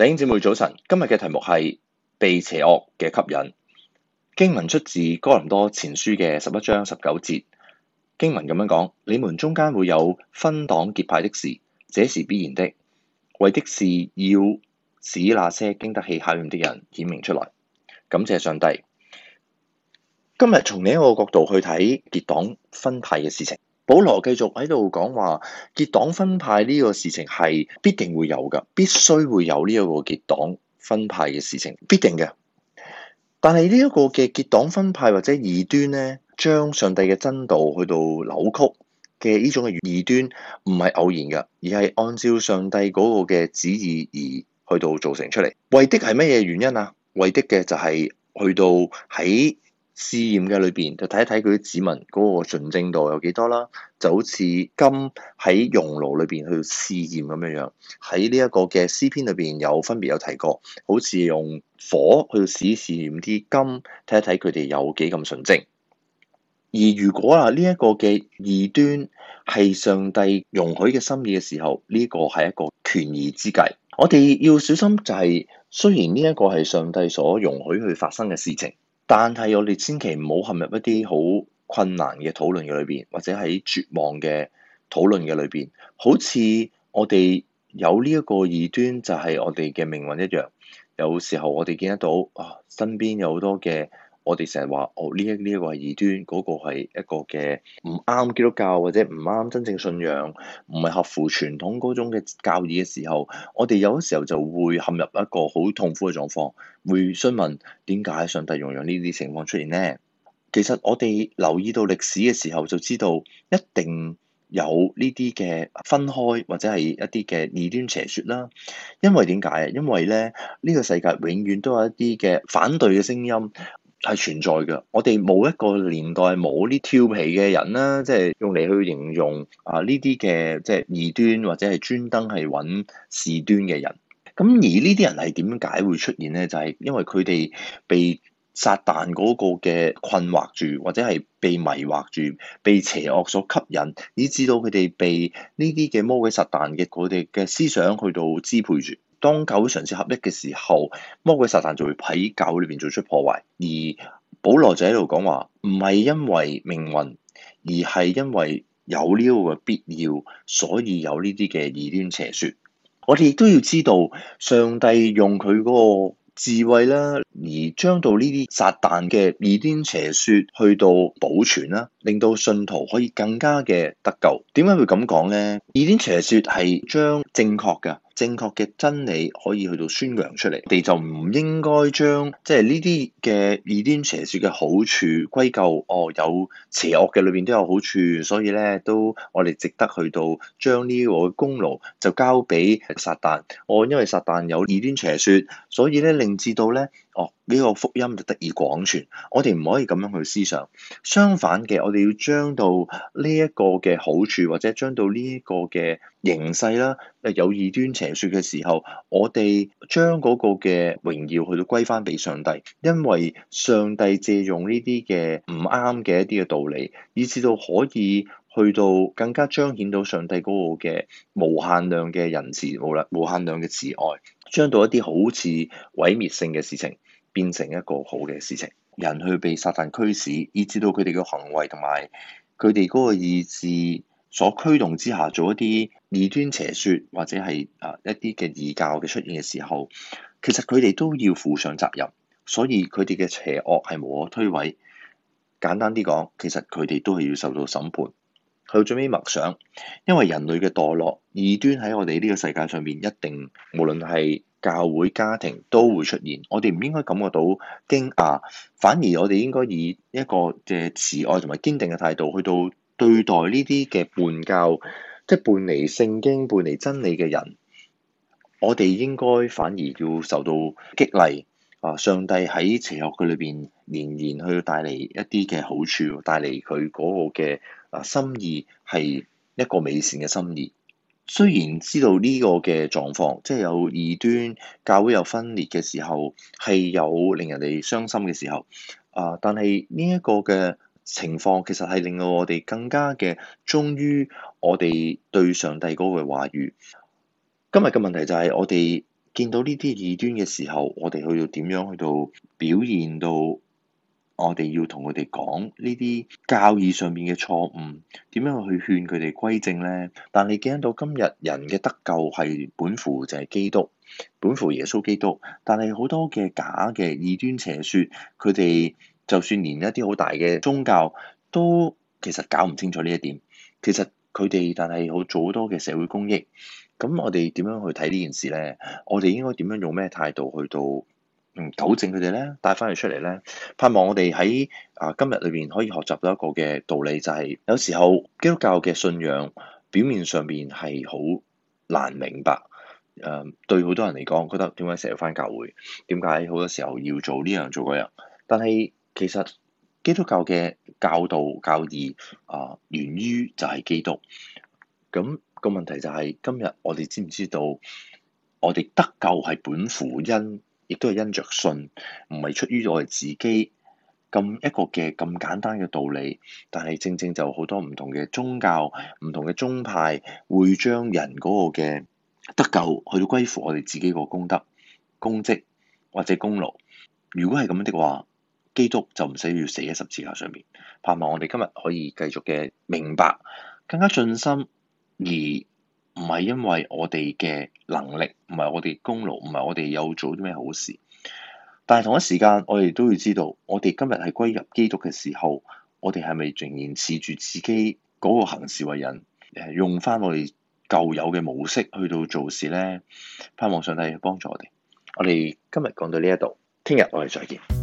弟兄姊妹早晨，今日嘅題目係被邪惡嘅吸引。經文出自哥林多前書嘅十一章十九節。經文咁樣講：你們中間會有分黨結派的事，這是必然的，為的是要使那些經得起考驗的人顯明出來。感謝上帝。今日從另一個角度去睇結黨分派嘅事情。保羅繼續喺度講話，結黨分派呢個事情係必定會有噶，必須會有呢一個結黨分派嘅事情，必定嘅。但係呢一個嘅結黨分派或者異端呢，將上帝嘅真道去到扭曲嘅呢種嘅異端，唔係偶然噶，而係按照上帝嗰個嘅旨意而去到造成出嚟。為的係乜嘢原因啊？為的嘅就係去到喺。試驗嘅裏邊，就睇一睇佢啲指紋嗰個純正度有幾多啦，就好似金喺熔爐裏邊去試驗咁樣樣。喺呢一個嘅詩篇裏邊有分別有提過，好似用火去試試驗啲金，睇一睇佢哋有幾咁純正。而如果啊呢一個嘅異端係上帝容許嘅心意嘅時候，呢個係一個權宜之計。我哋要小心就係、是，雖然呢一個係上帝所容許去發生嘅事情。但係，我哋千祈唔好陷入一啲好困難嘅討論嘅裏邊，或者喺絕望嘅討論嘅裏邊。好似我哋有呢一個異端，就係我哋嘅命運一樣。有時候我哋見得到啊，身邊有好多嘅。我哋成日話：我、哦、呢一呢一、那個、一個係異端，嗰個係一個嘅唔啱基督教或者唔啱真正信仰，唔係合乎傳統嗰種嘅教義嘅時候，我哋有啲時候就會陷入一個好痛苦嘅狀況，會詢問點解上帝容讓呢啲情況出現呢？其實我哋留意到歷史嘅時候，就知道一定有呢啲嘅分開或者係一啲嘅異端邪説啦。因為點解？因為咧，呢、呢個世界永遠都有一啲嘅反對嘅聲音。係存在嘅，我哋冇一個年代冇啲調皮嘅人啦，即係用嚟去形容啊呢啲嘅即係異端或者係專登係揾事端嘅人。咁而呢啲人係點解會出現咧？就係、是、因為佢哋被撒旦嗰個嘅困惑住，或者係被迷惑住，被邪惡所吸引，以至到佢哋被呢啲嘅魔鬼撒旦嘅佢哋嘅思想去到支配住。當教會嘗試合一嘅時候，魔鬼撒旦就會喺教會裏邊做出破壞。而保羅就喺度講話，唔係因為命運，而係因為有呢個必要，所以有呢啲嘅異端邪説。我哋亦都要知道，上帝用佢嗰個智慧啦，而將到呢啲撒旦嘅異端邪説去到保存啦，令到信徒可以更加嘅得救。點解會咁講咧？異端邪説係將正確嘅。正確嘅真理可以去到宣揚出嚟，我哋就唔應該將即係呢啲嘅異端邪説嘅好處歸咎哦，有邪惡嘅裏邊都有好處，所以咧都我哋值得去到將呢個功勞就交俾撒但，哦，因為撒但有異端邪説，所以咧令至到咧。哦！呢個福音就得以廣傳。我哋唔可以咁樣去思想，相反嘅，我哋要將到呢一個嘅好處，或者將到呢一個嘅形勢啦，誒有異端邪說嘅時候，我哋將嗰個嘅榮耀去到歸翻俾上帝，因為上帝借用呢啲嘅唔啱嘅一啲嘅道理，以至到可以去到更加彰顯到上帝嗰個嘅無限量嘅仁慈、無量無限量嘅慈愛，將到一啲好似毀滅性嘅事情。變成一個好嘅事情，人去被撒旦驅使，以至到佢哋嘅行為同埋佢哋嗰個意志所驅動之下，做一啲異端邪説或者係啊一啲嘅異教嘅出現嘅時候，其實佢哋都要負上責任，所以佢哋嘅邪惡係無可推諉。簡單啲講，其實佢哋都係要受到審判。去最尾默想，因為人類嘅墮落，異端喺我哋呢個世界上面，一定，無論係教會、家庭都會出現。我哋唔應該感覺到驚訝，反而我哋應該以一個嘅慈愛同埋堅定嘅態度去到對待呢啲嘅叛教，即係叛離聖經、叛離真理嘅人。我哋應該反而要受到激勵。啊！上帝喺邪惡嘅裏邊連連去帶嚟一啲嘅好處，帶嚟佢嗰個嘅啊心意，係一個美善嘅心意。雖然知道呢個嘅狀況，即係有異端，教會有分裂嘅時候，係有令人哋傷心嘅時候。啊！但係呢一個嘅情況，其實係令到我哋更加嘅忠於我哋對上帝嗰個話語。今日嘅問題就係我哋。見到呢啲異端嘅時候，我哋去到點樣去到表現到，我哋要同佢哋講呢啲教義上面嘅錯誤，點樣去勸佢哋歸正呢？但係見到今日人嘅得救係本乎就係基督，本乎耶穌基督。但係好多嘅假嘅異端邪説，佢哋就算連一啲好大嘅宗教都其實搞唔清楚呢一點。其實佢哋但係好做多嘅社會公益。咁我哋點樣去睇呢件事呢？我哋應該點樣用咩態度去到嗯糾正佢哋呢？帶返佢出嚟呢，盼望我哋喺啊今日裏邊可以學習到一個嘅道理，就是，就係有時候基督教嘅信仰表面上面係好難明白，誒、呃、對好多人嚟講，覺得點解成日返教會？點解好多時候要做呢樣做嗰樣？但係其實基督教嘅教導教義啊、呃、源於就係基督，咁、呃。個問題就係、是、今日我知知，我哋知唔知道我哋得救係本乎因，亦都係因着信，唔係出於我哋自己咁一個嘅咁簡單嘅道理。但係正正就好多唔同嘅宗教，唔同嘅宗派會將人嗰個嘅得救去到歸乎我哋自己個功德，功績或者功勞。如果係咁樣的話，基督就唔使要死喺十字架上面。盼望我哋今日可以繼續嘅明白，更加盡心。而唔係因為我哋嘅能力，唔係我哋功勞，唔係我哋有做啲咩好事。但係同一時間，我哋都要知道，我哋今日係歸入基督嘅時候，我哋係咪仍然持住自己嗰個行事為人？誒，用翻我哋舊有嘅模式去到做事咧？盼望上帝幫助我哋。我哋今日講到呢一度，聽日我哋再見。